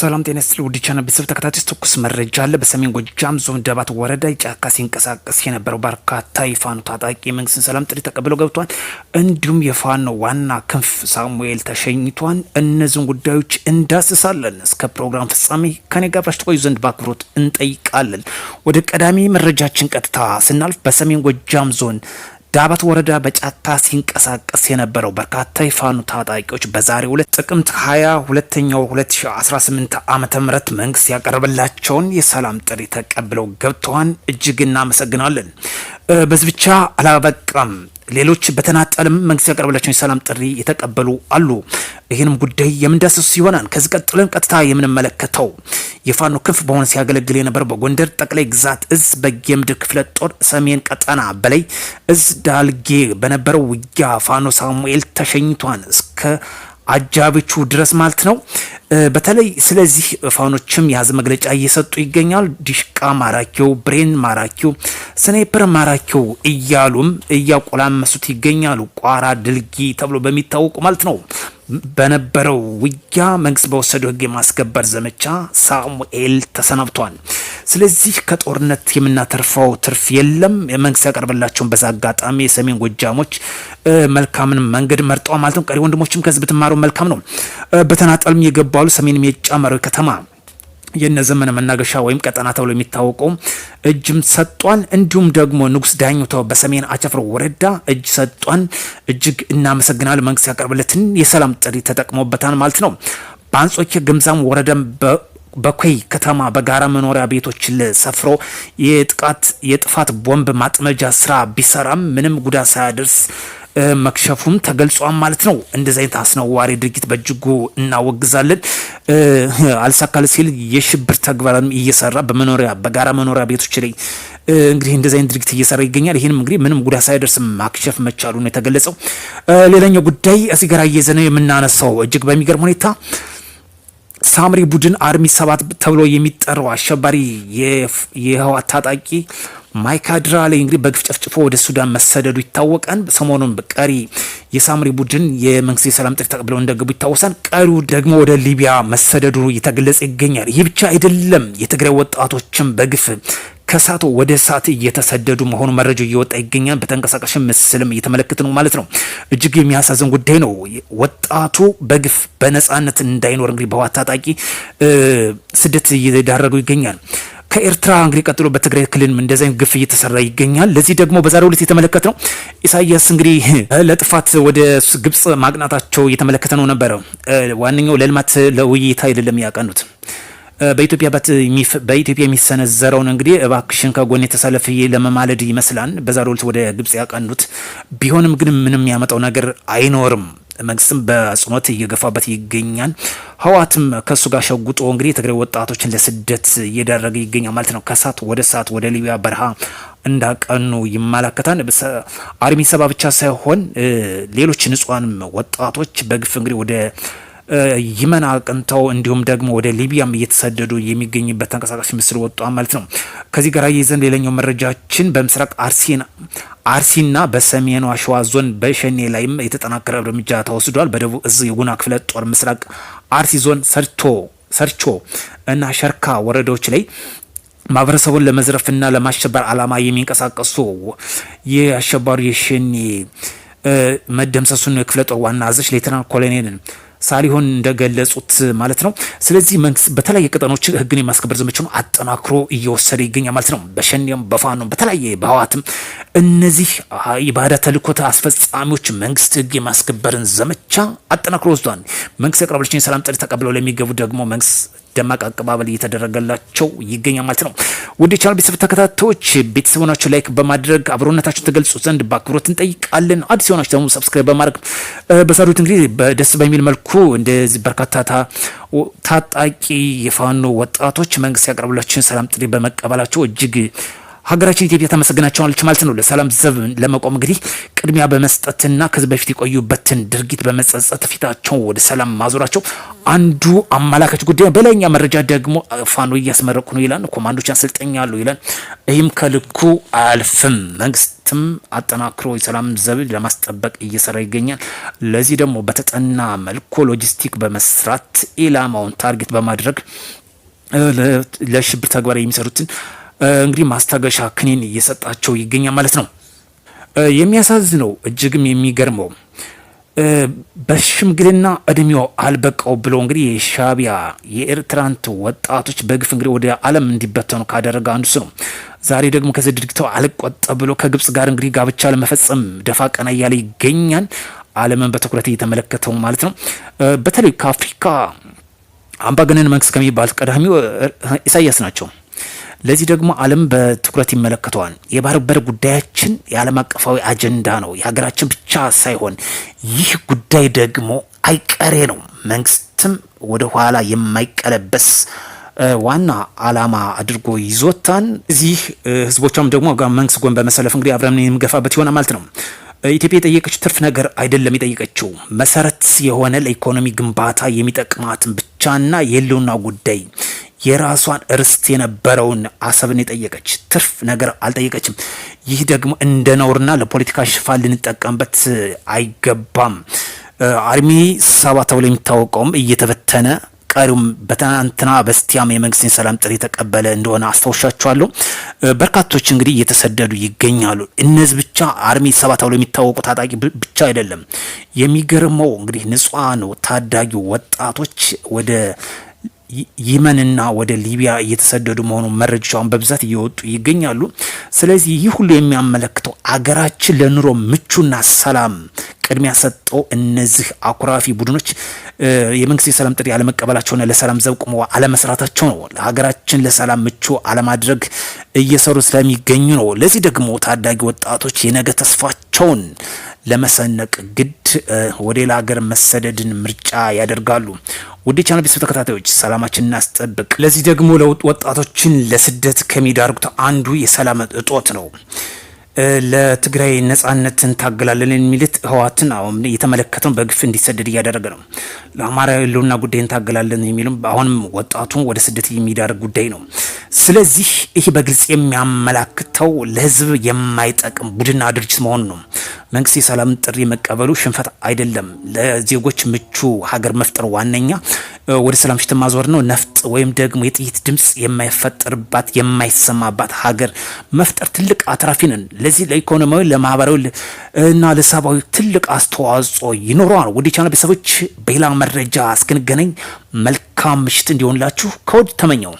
ሰላም ጤና ስለ ውድ ቻናል ቤተሰብ ተከታታዮች ትኩስ መረጃ አለ። በሰሜን ጎጃም ዞን ደባት ወረዳ ጫካ ሲንቀሳቀስ የነበረው በርካታ የፋኖ ታጣቂ የመንግስትን ሰላም ጥሪ ተቀብሎ ገብቷል። እንዲሁም የፋኖ ዋና ክንፍ ሳሙኤል ተሸኝቷል። እነዚህን ጉዳዮች እንዳስሳለን። እስከ ፕሮግራም ፍጻሜ ከኔ ጋር አብራችሁ ዘንድ በአክብሮት እንጠይቃለን። ወደ ቀዳሚ መረጃችን ቀጥታ ስናልፍ በሰሜን ጎጃም ዞን ዳባት ወረዳ በጫታ ሲንቀሳቀስ የነበረው በርካታ የፋኑ ታጣቂዎች በዛሬው ዕለት ጥቅምት 22ኛው 2018 ዓመተ ምህረት መንግስት ያቀረበላቸውን የሰላም ጥሪ ተቀብለው ገብተዋን እጅግ እናመሰግናለን። በዚህ ብቻ አላበቃም። ሌሎች በተናጠልም መንግስት ያቀረበላቸውን የሰላም ጥሪ የተቀበሉ አሉ። ይህንም ጉዳይ የምንዳስሱ ይሆናል። ከዚህ ቀጥለን ቀጥታ የምንመለከተው የፋኖ ክንፍ በሆነ ሲያገለግል የነበር በጎንደር ጠቅላይ ግዛት እዝ በጌምድር ክፍለ ጦር ሰሜን ቀጠና በላይ እዝ ዳልጌ በነበረው ውጊያ ፋኖ ሳሙኤል ተሸኝቷን እስከ አጃቢቹ ድረስ ማለት ነው። በተለይ ስለዚህ ፋኖችም የያዝ መግለጫ እየሰጡ ይገኛል። ዲሽቃ ማራኪው፣ ብሬን ማራኪው፣ ስናይፐር ማራኪው እያሉም እያቆላመሱት ይገኛሉ። ቋራ ድልጊ ተብሎ በሚታወቁ ማለት ነው። በነበረው ውጊያ መንግስት በወሰደው ህግ የማስከበር ዘመቻ ሳሙኤል ተሰናብቷል። ስለዚህ ከጦርነት የምናተርፈው ትርፍ የለም። መንግስት ያቀርብላቸውን በዛ አጋጣሚ የሰሜን ጎጃሞች መልካምን መንገድ መርጠ ማለት ነው። ቀሪ ወንድሞችም ከዚህ ብትማሩ መልካም ነው። በተናጠልም የገባሉ ሰሜን ሜጫ ከተማ የነ የነዘመነ መናገሻ ወይም ቀጠና ተብሎ የሚታወቀው እጅም ሰጧን። እንዲሁም ደግሞ ንጉስ ዳኝቶ በሰሜን አቸፍር ወረዳ እጅ ሰጧን። እጅግ እናመሰግናል። መንግስት ያቀርብለትን የሰላም ጥሪ ተጠቅሞበታል ማለት ነው። በአንጾኪ ግምዛም ወረዳም በኮይ ከተማ በጋራ መኖሪያ ቤቶች ሰፍሮ የጥቃት የጥፋት ቦምብ ማጥመጃ ስራ ቢሰራም ምንም ጉዳት ሳያደርስ መክሸፉም ተገልጿል ማለት ነው። እንደዚህ አይነት አስነዋሪ ድርጊት በእጅጉ እናወግዛለን። አልሳካል ሲል የሽብር ተግባርም እየሰራ በመኖሪያ በጋራ መኖሪያ ቤቶች ላይ እንግዲህ እንደዚህ አይነት ድርጊት እየሰራ ይገኛል። ይህንም እንግዲህ ምንም ጉዳት ሳይደርስ ማክሸፍ መቻሉ ነው የተገለጸው። ሌላኛው ጉዳይ እዚህ ጋር እየዘነው የምናነሳው እጅግ በሚገርም ሁኔታ ሳምሪ ቡድን አርሚ ሰባት ተብሎ የሚጠራው አሸባሪ የህወሓት ታጣቂ ማይካድራ ላይ እንግዲህ በግፍ ጨፍጭፎ ወደ ሱዳን መሰደዱ ይታወቃል። ሰሞኑን ቀሪ የሳምሪ ቡድን የመንግስት የሰላም ጥሪ ተቀብለው እንደገቡ ይታወሳል። ቀሪው ደግሞ ወደ ሊቢያ መሰደዱ እየተገለጸ ይገኛል። ይህ ብቻ አይደለም። የትግራይ ወጣቶችን በግፍ ከሳቶ ወደ ሳት እየተሰደዱ መሆኑ መረጃው እየወጣ ይገኛል። በተንቀሳቃሽ ምስልም እየተመለከት ነው ማለት ነው። እጅግ የሚያሳዝን ጉዳይ ነው። ወጣቱ በግፍ በነጻነት እንዳይኖር እንግዲህ በህወሓት ታጣቂ ስደት እየዳረገው ይገኛል። ከኤርትራ እንግዲህ ቀጥሎ በትግራይ ክልልም እንደዚህ ግፍ እየተሰራ ይገኛል። ለዚህ ደግሞ በዛሬው ዕለት የተመለከት ነው ኢሳያስ እንግዲህ ለጥፋት ወደ ግብጽ ማቅናታቸው እየተመለከተ ነው ነበረ። ዋነኛው ለልማት ለውይይት አይደለም ያቀኑት በኢትዮጵያ የሚሰነዘረውን እንግዲህ እባክሽን ከጎን የተሰለፍ ለመማለድ ይመስላል በዛሬው ዕለት ወደ ግብጽ ያቀኑት። ቢሆንም ግን ምንም ያመጣው ነገር አይኖርም። መንግስትም በጽኖት እየገፋበት ይገኛል። ህዋትም ከእሱ ጋር ሸጉጦ እንግዲህ የትግራይ ወጣቶችን ለስደት እየዳረገ ይገኛል ማለት ነው። ከሰዓት ወደ ሰዓት ወደ ሊቢያ በረሃ እንዳቀኑ ይመለከታል። አርሚ ሰባ ብቻ ሳይሆን ሌሎች ንጹሐንም ወጣቶች በግፍ እንግዲህ ወደ ይመን አቅንተው እንዲሁም ደግሞ ወደ ሊቢያም እየተሰደዱ የሚገኝበት ተንቀሳቃሽ ምስል ወጥቷል ማለት ነው። ከዚህ ጋር ይዘን ሌላኛው መረጃችን በምስራቅ አርሲና አርሲና በሰሜኑ አሸዋ ዞን በሸኔ ላይም የተጠናከረ እርምጃ ተወስዷል። በደቡብ እዝ የጉና ክፍለ ጦር ምስራቅ አርሲ ዞን ሰርቶ ሰርቾ እና ሸርካ ወረዳዎች ላይ ማህበረሰቡን ለመዝረፍና ለማሸበር ዓላማ የሚንቀሳቀሱ የአሸባሪ የሸኔ መደምሰሱን የክፍለ ጦር ዋና አዛዥ ሌተናል ኮሎኔልን ሳሊሆን እንደገለጹት ማለት ነው። ስለዚህ መንግስት በተለያየ ቀጠኖች ህግን የማስከበር ዘመቻውን አጠናክሮ እየወሰደ ይገኛል ማለት ነው። በሸኔም በፋኖም በተለያየ በህዋትም እነዚህ የባዳ ተልእኮት አስፈጻሚዎች መንግስት ህግ የማስከበርን ዘመቻ አጠናክሮ ወስዷል። መንግስት ያቀረበልችን የሰላም ጥሪ ተቀብለው ለሚገቡ ደግሞ መንግስት ደማቅ አቀባበል እየተደረገላቸው ይገኛል ማለት ነው። ውድ ቻናል ቤተሰብ ተከታታዮች ቤተሰብ ሆናችሁ ላይክ በማድረግ አብሮነታችሁ ተገልጹ ዘንድ በአክብሮት እንጠይቃለን። አዲስ የሆናችሁ ደግሞ ሰብስክራይብ በማድረግ በሰሩት እንግዲህ በደስ በሚል መልኩ እንደዚህ በርካታ ታጣቂ የፋኖ ወጣቶች መንግስት ያቀረቡላችሁን ሰላም ጥሪ በመቀበላቸው እጅግ ሀገራችን ኢትዮጵያ ተመሰግናቸዋለች ማለት ነው። ለሰላም ዘብ ለመቆም እንግዲህ ቅድሚያ በመስጠትና ከዚህ በፊት የቆዩበትን ድርጊት በመጸጸት ፊታቸው ወደ ሰላም ማዞራቸው አንዱ አመላካች ጉዳይ። በላይኛ መረጃ ደግሞ ፋኖ እያስመረቁ ነው ይላል፣ ኮማንዶች አሰልጠኛሉ ይላል። ይህም ከልኩ አያልፍም። መንግስትም አጠናክሮ የሰላም ዘብ ለማስጠበቅ እየሰራ ይገኛል። ለዚህ ደግሞ በተጠና መልኩ ሎጂስቲክ በመስራት ኢላማውን ታርጌት በማድረግ ለሽብር ተግባር የሚሰሩትን እንግዲህ ማስታገሻ ክኒን እየሰጣቸው ይገኛል ማለት ነው። የሚያሳዝነው እጅግም የሚገርመው በሽምግልና እድሜው አልበቃው ብሎ እንግዲህ የሻቢያ የኤርትራንት ወጣቶች በግፍ እንግዲህ ወደ ዓለም እንዲበተኑ ካደረገ አንዱ ነው። ዛሬ ደግሞ ከዚህ ድርጊቱ አልቆጠ ብሎ ከግብጽ ጋር እንግዲህ ጋብቻ ለመፈጸም ደፋ ቀና እያለ ይገኛል። ዓለምን በትኩረት እየተመለከተው ማለት ነው። በተለይ ከአፍሪካ አምባገነን መንግስት ከሚባሉት ቀዳሚው ኢሳያስ ናቸው። ለዚህ ደግሞ ዓለም በትኩረት ይመለከተዋል። የባህር በር ጉዳያችን የዓለም አቀፋዊ አጀንዳ ነው፣ የሀገራችን ብቻ ሳይሆን ይህ ጉዳይ ደግሞ አይቀሬ ነው። መንግስትም ወደ ኋላ የማይቀለበስ ዋና አላማ አድርጎ ይዞታን እዚህ ህዝቦቿም ደግሞ መንግስት ጎን በመሰለፍ እንግዲህ አብረን የምገፋበት ይሆናል ማለት ነው። ኢትዮጵያ የጠየቀች ትርፍ ነገር አይደለም። የጠየቀችው መሰረት የሆነ ለኢኮኖሚ ግንባታ የሚጠቅማትን ብቻና የህልውና ጉዳይ የራሷን እርስት የነበረውን አሰብን የጠየቀች ትርፍ ነገር አልጠየቀችም። ይህ ደግሞ እንደ ነውርና ለፖለቲካ ሽፋን ልንጠቀምበት አይገባም። አርሚ ሰባ ተብሎ የሚታወቀውም እየተበተነ ቀሪውም በትናንትና በስቲያም የመንግስትን ሰላም ጥሪ የተቀበለ እንደሆነ አስታውሻችኋለሁ። በርካቶች እንግዲህ እየተሰደዱ ይገኛሉ። እነዚህ ብቻ አርሚ ሰባ ተብሎ የሚታወቁ ታጣቂ ብቻ አይደለም። የሚገርመው እንግዲህ ንጹሐን ታዳጊ ወጣቶች ወደ ይመንና ወደ ሊቢያ እየተሰደዱ መሆኑ መረጃውን በብዛት እየወጡ ይገኛሉ። ስለዚህ ይህ ሁሉ የሚያመለክተው አገራችን ለኑሮ ምቹና ሰላም ቅድሚያ ሰጠው እነዚህ አኩራፊ ቡድኖች የመንግስት የሰላም ጥሪ አለመቀበላቸውና ለሰላም ዘብ ቆመው አለመስራታቸው ነው። ሀገራችን ለሰላም ምቹ አለማድረግ እየሰሩ ስለሚገኙ ነው። ለዚህ ደግሞ ታዳጊ ወጣቶች የነገ ተስፋቸውን ለመሰነቅ ግድ ወደ ሌላ ሀገር መሰደድን ምርጫ ያደርጋሉ። ውድ ቻናል ቤተሰብ ተከታታዮች ሰላማችን እናስጠብቅ። ለዚህ ደግሞ ለውጥ ወጣቶችን ለስደት ከሚዳርጉት አንዱ የሰላም እጦት ነው። ለትግራይ ነጻነት እንታገላለን የሚልት ህወሓትን አሁን እየተመለከተው በግፍ እንዲሰደድ እያደረገ ነው። ለአማራ ህልውና ጉዳይ እንታገላለን የሚልም አሁንም ወጣቱን ወደ ስደት የሚዳርግ ጉዳይ ነው። ስለዚህ ይህ በግልጽ የሚያመላክተው ለህዝብ የማይጠቅም ቡድንና ድርጅት መሆኑ ነው። መንግስት የሰላም ጥሪ መቀበሉ ሽንፈት አይደለም፣ ለዜጎች ምቹ ሀገር መፍጠር ዋነኛ ወደ ሰላም ሽት ማዞር ነው። ነፍጥ ወይም ደግሞ የጥይት ድምፅ የማይፈጠርባት የማይሰማባት ሀገር መፍጠር ትልቅ አትራፊ ነን። ለዚህ ለኢኮኖሚያዊ፣ ለማህበራዊ እና ለሰብአዊ ትልቅ አስተዋጽኦ ይኖረዋል። ወደ ቻና ቤተሰቦች በሌላ መረጃ እስክንገናኝ መልካም ምሽት እንዲሆንላችሁ ከወድ ተመኘው።